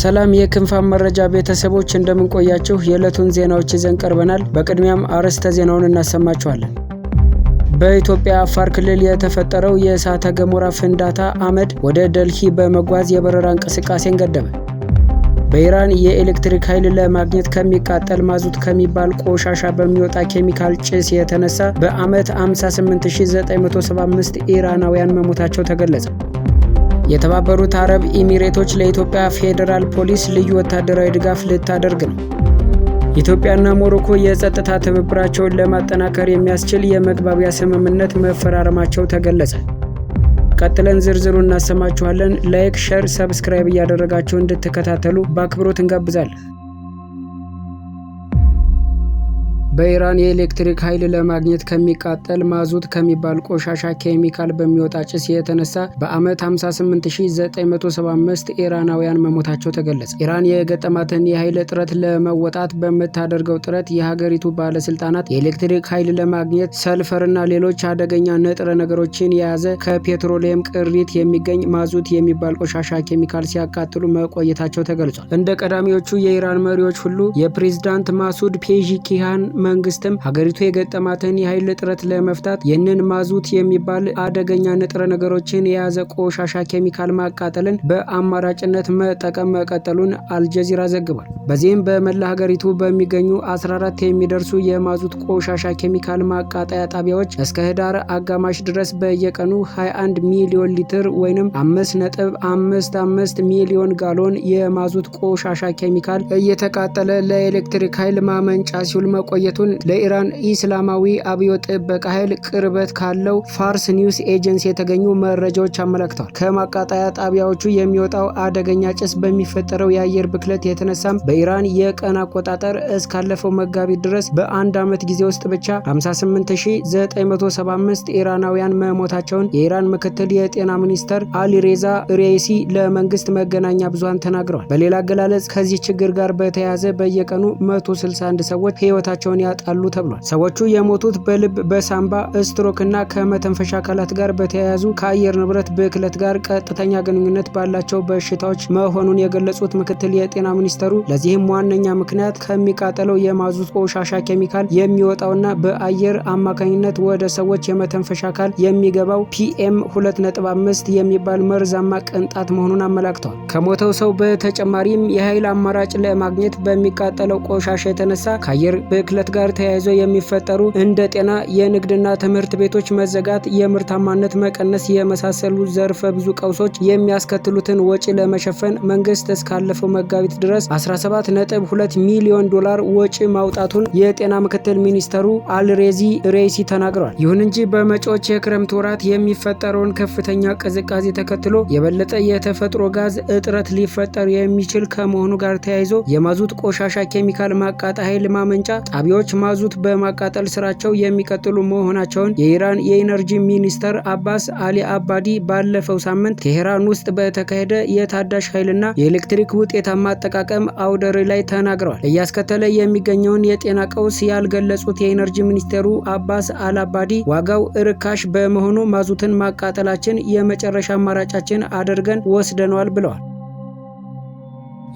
ሰላም የክንፋም መረጃ ቤተሰቦች እንደምንቆያችሁ፣ የዕለቱን ዜናዎች ይዘን ቀርበናል። በቅድሚያም አርዕስተ ዜናውን እናሰማችኋለን። በኢትዮጵያ አፋር ክልል የተፈጠረው የእሳተ ገሞራ ፍንዳታ አመድ ወደ ደልሂ በመጓዝ የበረራ እንቅስቃሴን ገደበ። በኢራን የኤሌክትሪክ ኃይል ለማግኘት ከሚቃጠል ማዙት ከሚባል ቆሻሻ በሚወጣ ኬሚካል ጭስ የተነሳ በዓመት 58975 ኢራናውያን መሞታቸው ተገለጸ። የተባበሩት አረብ ኤሚሬቶች ለኢትዮጵያ ፌዴራል ፖሊስ ልዩ ወታደራዊ ድጋፍ ልታደርግ ነው። ኢትዮጵያና ሞሮኮ የጸጥታ ትብብራቸውን ለማጠናከር የሚያስችል የመግባቢያ ስምምነት መፈራረማቸው ተገለጸ። ቀጥለን ዝርዝሩ እናሰማችኋለን። ላይክ፣ ሸር፣ ሰብስክራይብ እያደረጋቸው እንድትከታተሉ በአክብሮት እንጋብዛለን። በኢራን የኤሌክትሪክ ኃይል ለማግኘት ከሚቃጠል ማዙት ከሚባል ቆሻሻ ኬሚካል በሚወጣ ጭስ የተነሳ በዓመት 58975 ኢራናውያን መሞታቸው ተገለጸ። ኢራን የገጠማትን የኃይል እጥረት ለመወጣት በምታደርገው ጥረት የሀገሪቱ ባለስልጣናት የኤሌክትሪክ ኃይል ለማግኘት ሰልፈርና ሌሎች አደገኛ ንጥረ ነገሮችን የያዘ ከፔትሮሊየም ቅሪት የሚገኝ ማዙት የሚባል ቆሻሻ ኬሚካል ሲያቃጥሉ መቆየታቸው ተገልጿል። እንደ ቀዳሚዎቹ የኢራን መሪዎች ሁሉ የፕሬዝዳንት ማሱድ ፔዢኪያን መንግስትም ሀገሪቱ የገጠማትን የኃይል እጥረት ለመፍታት ይህንን ማዙት የሚባል አደገኛ ንጥረ ነገሮችን የያዘ ቆሻሻ ኬሚካል ማቃጠልን በአማራጭነት መጠቀም መቀጠሉን አልጀዚራ ዘግቧል። በዚህም በመላ ሀገሪቱ በሚገኙ 14 የሚደርሱ የማዙት ቆሻሻ ኬሚካል ማቃጠያ ጣቢያዎች እስከ ህዳር አጋማሽ ድረስ በየቀኑ 21 ሚሊዮን ሊትር ወይም 5.55 ሚሊዮን ጋሎን የማዙት ቆሻሻ ኬሚካል እየተቃጠለ ለኤሌክትሪክ ኃይል ማመንጫ ሲውል መቆየት መዘጋጀቱን ለኢራን ኢስላማዊ አብዮት ጥበቃ ኃይል ቅርበት ካለው ፋርስ ኒውስ ኤጀንሲ የተገኙ መረጃዎች አመላክተዋል። ከማቃጠያ ጣቢያዎቹ የሚወጣው አደገኛ ጭስ በሚፈጠረው የአየር ብክለት የተነሳም በኢራን የቀን አቆጣጠር እስካለፈው መጋቢት ድረስ በአንድ ዓመት ጊዜ ውስጥ ብቻ 58975 ኢራናውያን መሞታቸውን የኢራን ምክትል የጤና ሚኒስተር አሊሬዛ ሬሲ ለመንግስት መገናኛ ብዙሃን ተናግረዋል። በሌላ አገላለጽ ከዚህ ችግር ጋር በተያያዘ በየቀኑ 161 ሰዎች ህይወታቸውን ሕይወታቸውን ያጣሉ ተብሏል። ሰዎቹ የሞቱት በልብ በሳምባ እና ከመተንፈሻ አካላት ጋር በተያያዙ ከአየር ንብረት ብክለት ጋር ቀጥተኛ ግንኙነት ባላቸው በሽታዎች መሆኑን የገለጹት ምክትል የጤና ሚኒስተሩ ለዚህም ዋነኛ ምክንያት ከሚቃጠለው የማዙት ቆሻሻ ኬሚካል የሚወጣውና በአየር አማካኝነት ወደ ሰዎች የመተንፈሻ አካል የሚገባው ፒኤም 2.5 የሚባል መርዛማ ቅንጣት መሆኑን አመላክተዋል። ከሞተው ሰው በተጨማሪም የኃይል አማራጭ ለማግኘት በሚቃጠለው ቆሻሻ የተነሳ ከአየር ብክለት ጋር ተያይዘው የሚፈጠሩ እንደ ጤና፣ የንግድና ትምህርት ቤቶች መዘጋት፣ የምርታማነት መቀነስ የመሳሰሉ ዘርፈ ብዙ ቀውሶች የሚያስከትሉትን ወጪ ለመሸፈን መንግስት እስካለፈው መጋቢት ድረስ 17.2 ሚሊዮን ዶላር ወጪ ማውጣቱን የጤና ምክትል ሚኒስተሩ አልሬዚ ሬሲ ተናግሯል። ይሁን እንጂ በመጪዎች የክረምት ወራት የሚፈጠረውን ከፍተኛ ቅዝቃዜ ተከትሎ የበለጠ የተፈጥሮ ጋዝ እጥረት ሊፈጠር የሚችል ከመሆኑ ጋር ተያይዞ የማዙት ቆሻሻ ኬሚካል ማቃጣ ኃይል ማመንጫ ጣቢያዎች ነጋዴዎች ማዙት በማቃጠል ስራቸው የሚቀጥሉ መሆናቸውን የኢራን የኢነርጂ ሚኒስተር አባስ አሊ አባዲ ባለፈው ሳምንት ቴሄራን ውስጥ በተካሄደ የታዳሽ ኃይልና የኤሌክትሪክ ውጤታማ አጠቃቀም አውደ ርዕይ ላይ ተናግረዋል። እያስከተለ የሚገኘውን የጤና ቀውስ ያልገለጹት የኢነርጂ ሚኒስቴሩ አባስ አልአባዲ ዋጋው እርካሽ በመሆኑ ማዙትን ማቃጠላችን የመጨረሻ አማራጫችን አድርገን ወስደነዋል ብለዋል።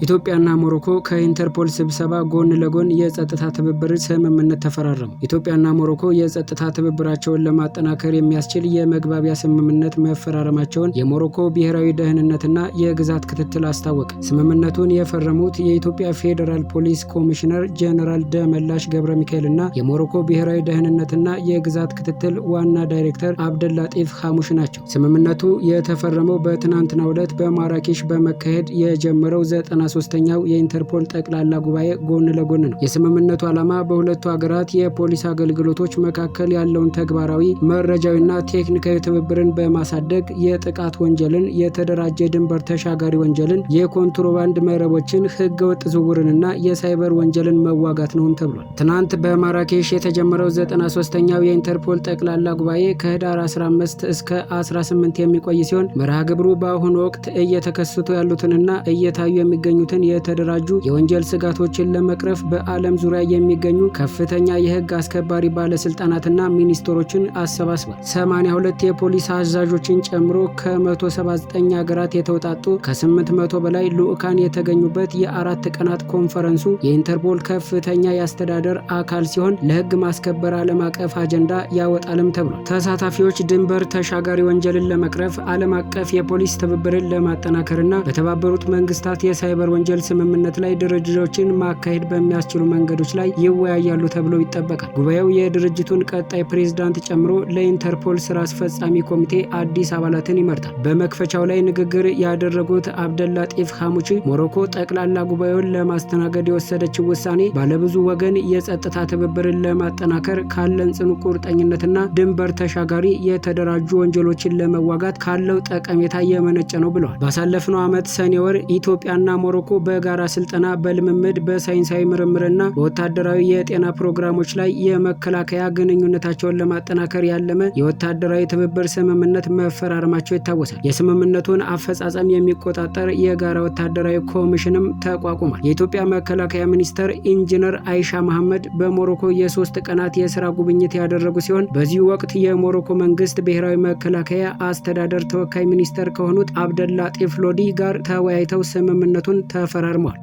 ኢትዮጵያና ሞሮኮ ከኢንተርፖል ስብሰባ ጎን ለጎን የጸጥታ ትብብር ስምምነት ተፈራረሙ። ኢትዮጵያና ሞሮኮ የጸጥታ ትብብራቸውን ለማጠናከር የሚያስችል የመግባቢያ ስምምነት መፈራረማቸውን የሞሮኮ ብሔራዊ ደህንነትና የግዛት ክትትል አስታወቀ። ስምምነቱን የፈረሙት የኢትዮጵያ ፌዴራል ፖሊስ ኮሚሽነር ጄኔራል ደመላሽ ገብረ ሚካኤል የሞሮኮ ብሔራዊ ደህንነትና የግዛት ክትትል ዋና ዳይሬክተር አብደላ ጤፍ ሐሙሽ ናቸው። ስምምነቱ የተፈረመው በትናንትናው ዕለት በማራኬሽ በመካሄድ የጀመረው ዘጠና ሶስተኛው የኢንተርፖል ጠቅላላ ጉባኤ ጎን ለጎን ነው። የስምምነቱ ዓላማ በሁለቱ ሀገራት የፖሊስ አገልግሎቶች መካከል ያለውን ተግባራዊ መረጃዊና ቴክኒካዊ ትብብርን በማሳደግ የጥቃት ወንጀልን፣ የተደራጀ ድንበር ተሻጋሪ ወንጀልን፣ የኮንትሮባንድ መረቦችን፣ ህገወጥ ዝውውርንና የሳይበር ወንጀልን መዋጋት ነውም ተብሏል። ትናንት በማራኬሽ የተጀመረው 93ኛው የኢንተርፖል ጠቅላላ ጉባኤ ከህዳር 15 እስከ 18 የሚቆይ ሲሆን መርሃ ግብሩ በአሁኑ ወቅት እየተከሰቱ ያሉትንና እየታዩ የሚገኙ የሚገኙትን የተደራጁ የወንጀል ስጋቶችን ለመቅረፍ በዓለም ዙሪያ የሚገኙ ከፍተኛ የህግ አስከባሪ ባለስልጣናትና ሚኒስትሮችን አሰባስቧል። 82 የፖሊስ አዛዦችን ጨምሮ ከ179 ሀገራት የተውጣጡ ከ800 በላይ ልዑካን የተገኙበት የአራት ቀናት ኮንፈረንሱ የኢንተርፖል ከፍተኛ የአስተዳደር አካል ሲሆን ለህግ ማስከበር ዓለም አቀፍ አጀንዳ ያወጣልም ተብሏል። ተሳታፊዎች ድንበር ተሻጋሪ ወንጀልን ለመቅረፍ ዓለም አቀፍ የፖሊስ ትብብርን ለማጠናከርና በተባበሩት መንግስታት የሳይበር የሳይበር ወንጀል ስምምነት ላይ ድርድሮችን ማካሄድ በሚያስችሉ መንገዶች ላይ ይወያያሉ ተብሎ ይጠበቃል። ጉባኤው የድርጅቱን ቀጣይ ፕሬዝዳንት ጨምሮ ለኢንተርፖል ስራ አስፈጻሚ ኮሚቴ አዲስ አባላትን ይመርጣል። በመክፈቻው ላይ ንግግር ያደረጉት አብደላ ጢፍ ሐሙቺ ሞሮኮ ጠቅላላ ጉባኤውን ለማስተናገድ የወሰደችው ውሳኔ ባለብዙ ወገን የጸጥታ ትብብርን ለማጠናከር ካለን ጽኑ ቁርጠኝነትና ድንበር ተሻጋሪ የተደራጁ ወንጀሎችን ለመዋጋት ካለው ጠቀሜታ የመነጨ ነው ብለዋል። ባሳለፍነው ዓመት ሰኔ ወር ኢትዮጵያና ሞሮ ሞሮኮ በጋራ ስልጠና፣ በልምምድ፣ በሳይንሳዊ ምርምርና በወታደራዊ የጤና ፕሮግራሞች ላይ የመከላከያ ግንኙነታቸውን ለማጠናከር ያለመ የወታደራዊ ትብብር ስምምነት መፈራረማቸው ይታወሳል። የስምምነቱን አፈጻጸም የሚቆጣጠር የጋራ ወታደራዊ ኮሚሽንም ተቋቁሟል። የኢትዮጵያ መከላከያ ሚኒስተር ኢንጂነር አይሻ መሐመድ በሞሮኮ የሶስት ቀናት የስራ ጉብኝት ያደረጉ ሲሆን በዚሁ ወቅት የሞሮኮ መንግስት ብሔራዊ መከላከያ አስተዳደር ተወካይ ሚኒስተር ከሆኑት አብደላ ጢፍሎዲ ጋር ተወያይተው ስምምነቱን ተፈራርመዋል።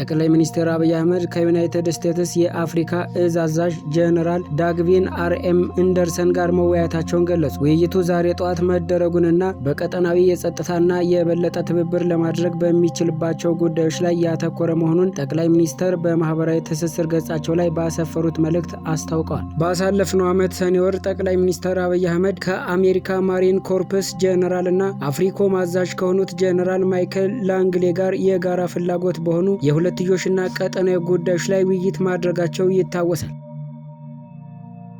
ጠቅላይ ሚኒስትር አብይ አህመድ ከዩናይትድ ስቴትስ የአፍሪካ እዝ አዛዥ ጀነራል ዳግቪን አርኤም እንደርሰን ጋር መወያየታቸውን ገለጹ። ውይይቱ ዛሬ ጠዋት መደረጉንና በቀጠናዊ የጸጥታና የበለጠ ትብብር ለማድረግ በሚችልባቸው ጉዳዮች ላይ ያተኮረ መሆኑን ጠቅላይ ሚኒስተር በማህበራዊ ትስስር ገጻቸው ላይ ባሰፈሩት መልእክት አስታውቀዋል። ባሳለፍነው ዓመት ሰኔ ወር ጠቅላይ ሚኒስትር አብይ አህመድ ከአሜሪካ ማሪን ኮርፕስ ጄኔራልና አፍሪኮም አዛዥ ከሆኑት ጀነራል ማይክል ላንግሌ ጋር የጋራ ፍላጎት በሆኑ በሁለትዮሽና ቀጠናዊ ጉዳዮች ላይ ውይይት ማድረጋቸው ይታወሳል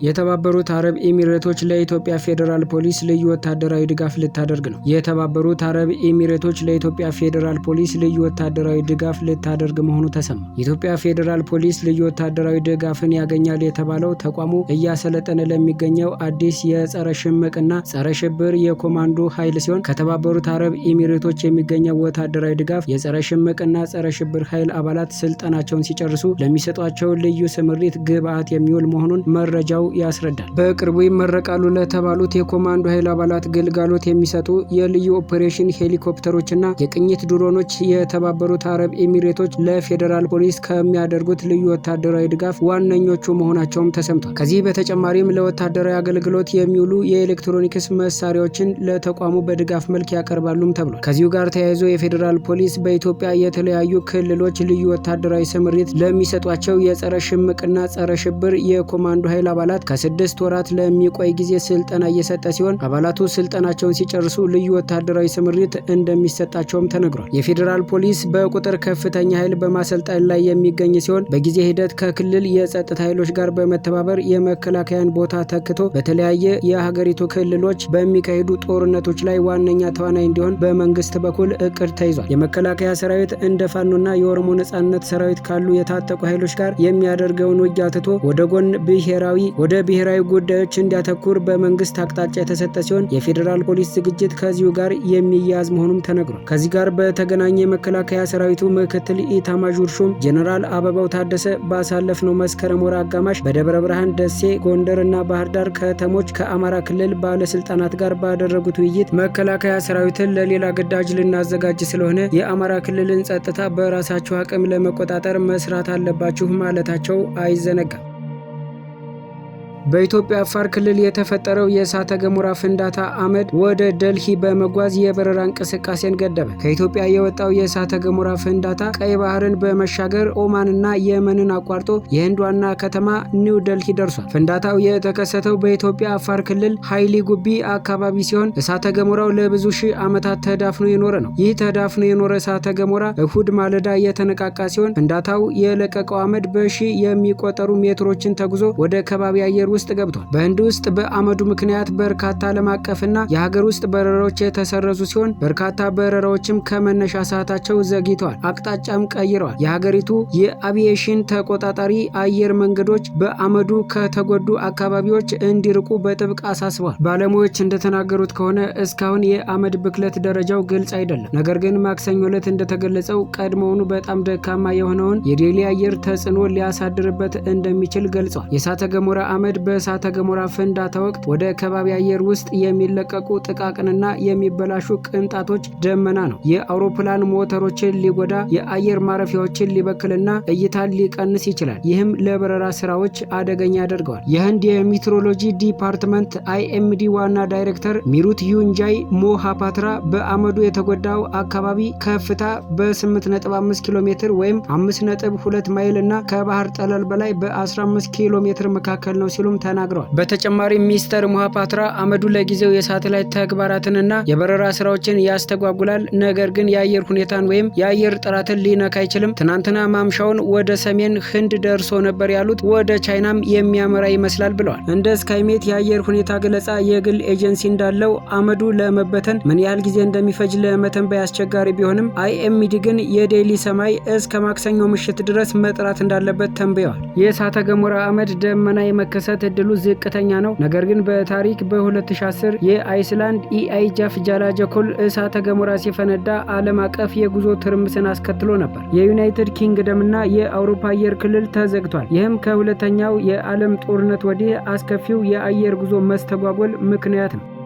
የተባበሩት አረብ ኤሚሬቶች ለኢትዮጵያ ፌዴራል ፖሊስ ልዩ ወታደራዊ ድጋፍ ልታደርግ ነው። የተባበሩት አረብ ኤሚሬቶች ለኢትዮጵያ ፌዴራል ፖሊስ ልዩ ወታደራዊ ድጋፍ ልታደርግ መሆኑ ተሰማ። የኢትዮጵያ ፌዴራል ፖሊስ ልዩ ወታደራዊ ድጋፍን ያገኛል የተባለው ተቋሙ እያሰለጠነ ለሚገኘው አዲስ የጸረ ሽምቅና ጸረ ሽብር የኮማንዶ ኃይል ሲሆን ከተባበሩት አረብ ኤሚሬቶች የሚገኘው ወታደራዊ ድጋፍ የጸረ ሽምቅና ጸረ ሽብር ኃይል አባላት ስልጠናቸውን ሲጨርሱ ለሚሰጧቸው ልዩ ስምሪት ግብዓት የሚውል መሆኑን መረጃው ያስረዳል። በቅርቡ ይመረቃሉ ለተባሉት የኮማንዶ ኃይል አባላት ግልጋሎት የሚሰጡ የልዩ ኦፕሬሽን ሄሊኮፕተሮችና የቅኝት ድሮኖች የተባበሩት አረብ ኤሚሬቶች ለፌዴራል ፖሊስ ከሚያደርጉት ልዩ ወታደራዊ ድጋፍ ዋነኞቹ መሆናቸውም ተሰምቷል። ከዚህ በተጨማሪም ለወታደራዊ አገልግሎት የሚውሉ የኤሌክትሮኒክስ መሳሪያዎችን ለተቋሙ በድጋፍ መልክ ያቀርባሉም ተብሏል። ከዚሁ ጋር ተያይዞ የፌዴራል ፖሊስ በኢትዮጵያ የተለያዩ ክልሎች ልዩ ወታደራዊ ስምሪት ለሚሰጧቸው የጸረ ሽምቅና ጸረ ሽብር የኮማንዶ ኃይል አባላት አባላት ከስድስት ወራት ለሚቆይ ጊዜ ስልጠና እየሰጠ ሲሆን አባላቱ ስልጠናቸውን ሲጨርሱ ልዩ ወታደራዊ ስምሪት እንደሚሰጣቸውም ተነግሯል። የፌዴራል ፖሊስ በቁጥር ከፍተኛ ኃይል በማሰልጠን ላይ የሚገኝ ሲሆን በጊዜ ሂደት ከክልል የጸጥታ ኃይሎች ጋር በመተባበር የመከላከያን ቦታ ተክቶ በተለያየ የሀገሪቱ ክልሎች በሚካሄዱ ጦርነቶች ላይ ዋነኛ ተዋናይ እንዲሆን በመንግስት በኩል እቅድ ተይዟል። የመከላከያ ሰራዊት እንደ ፋኖና የኦሮሞ ነጻነት ሰራዊት ካሉ የታጠቁ ኃይሎች ጋር የሚያደርገውን ውጊያ ትቶ ወደ ጎን ብሔራዊ ወደ ብሔራዊ ጉዳዮች እንዲያተኩር በመንግስት አቅጣጫ የተሰጠ ሲሆን የፌዴራል ፖሊስ ዝግጅት ከዚሁ ጋር የሚያያዝ መሆኑም ተነግሯል። ከዚህ ጋር በተገናኘ የመከላከያ ሰራዊቱ ምክትል ኢታማዦር ሹም ጀኔራል አበባው ታደሰ ባሳለፍነው መስከረም ወር አጋማሽ በደብረ ብርሃን፣ ደሴ፣ ጎንደር እና ባህር ዳር ከተሞች ከአማራ ክልል ባለስልጣናት ጋር ባደረጉት ውይይት መከላከያ ሰራዊትን ለሌላ ግዳጅ ልናዘጋጅ ስለሆነ የአማራ ክልልን ጸጥታ በራሳቸው አቅም ለመቆጣጠር መስራት አለባችሁ ማለታቸው አይዘነጋም። በኢትዮጵያ አፋር ክልል የተፈጠረው የእሳተ ገሞራ ፍንዳታ አመድ ወደ ደልሂ በመጓዝ የበረራ እንቅስቃሴን ገደበ። ከኢትዮጵያ የወጣው የእሳተ ገሞራ ፍንዳታ ቀይ ባህርን በመሻገር ኦማንና የመንን አቋርጦ የህንድ ዋና ከተማ ኒው ደልሂ ደርሷል። ፍንዳታው የተከሰተው በኢትዮጵያ አፋር ክልል ሀይሊ ጉቢ አካባቢ ሲሆን እሳተ ገሞራው ለብዙ ሺህ ዓመታት ተዳፍኖ የኖረ ነው። ይህ ተዳፍኖ የኖረ እሳተ ገሞራ እሁድ ማለዳ የተነቃቃ ሲሆን ፍንዳታው የለቀቀው አመድ በሺህ የሚቆጠሩ ሜትሮችን ተጉዞ ወደ ከባቢ አየሩ ውስጥ ገብቷል። በህንድ ውስጥ በአመዱ ምክንያት በርካታ ዓለም አቀፍና የሀገር ውስጥ በረራዎች የተሰረዙ ሲሆን በርካታ በረራዎችም ከመነሻ ሰዓታቸው ዘግይተዋል፣ አቅጣጫም ቀይረዋል። የሀገሪቱ የአቪዬሽን ተቆጣጣሪ አየር መንገዶች በአመዱ ከተጎዱ አካባቢዎች እንዲርቁ በጥብቅ አሳስበዋል። ባለሙያዎች እንደተናገሩት ከሆነ እስካሁን የአመድ ብክለት ደረጃው ግልጽ አይደለም። ነገር ግን ማክሰኞ ዕለት እንደተገለጸው ቀድሞውኑ በጣም ደካማ የሆነውን የዴሊ አየር ተጽዕኖ ሊያሳድርበት እንደሚችል ገልጿል። የእሳተ ገሞራ አመድ በእሳተ ገሞራ ፍንዳታ ወቅት ወደ ከባቢ አየር ውስጥ የሚለቀቁ ጥቃቅንና የሚበላሹ ቅንጣቶች ደመና ነው። የአውሮፕላን ሞተሮችን ሊጎዳ፣ የአየር ማረፊያዎችን ሊበክልና እይታን ሊቀንስ ይችላል። ይህም ለበረራ ስራዎች አደገኛ ያደርገዋል። የህንድ የሚትሮሎጂ ዲፓርትመንት አይኤምዲ ዋና ዳይሬክተር ሚሩት ዩንጃይ ሞሃፓትራ በአመዱ የተጎዳው አካባቢ ከፍታ በ8.5 ኪሎ ሜትር ወይም 5.2 ማይል እና ከባህር ጠለል በላይ በ15 ኪሎ ሜትር መካከል ነው ሲሉ መሆኑንም ተናግረዋል። በተጨማሪም ሚስተር ሞሃፓትራ አመዱ ለጊዜው የሳተላይት ተግባራትንና የበረራ ስራዎችን ያስተጓጉላል፣ ነገር ግን የአየር ሁኔታን ወይም የአየር ጥራትን ሊነካ አይችልም። ትናንትና ማምሻውን ወደ ሰሜን ህንድ ደርሶ ነበር ያሉት ወደ ቻይናም የሚያመራ ይመስላል ብለዋል። እንደ ስካይሜት የአየር ሁኔታ ገለጻ የግል ኤጀንሲ እንዳለው አመዱ ለመበተን ምን ያህል ጊዜ እንደሚፈጅ ለመተንበይ አስቸጋሪ ቢሆንም አይኤምዲ ግን የዴሊ ሰማይ እስከ ማክሰኞ ምሽት ድረስ መጥራት እንዳለበት ተንብየዋል። የእሳተ ገሞራ አመድ ደመና የመከሰት የመግባት እድሉ ዝቅተኛ ነው። ነገር ግን በታሪክ በ2010 የአይስላንድ ኢአይጃፍ ጃላጀኮል እሳተ ገሞራ ሲፈነዳ ዓለም አቀፍ የጉዞ ትርምስን አስከትሎ ነበር። የዩናይትድ ኪንግደምና የአውሮፓ አየር ክልል ተዘግቷል። ይህም ከሁለተኛው የዓለም ጦርነት ወዲህ አስከፊው የአየር ጉዞ መስተጓጎል ምክንያት ነው።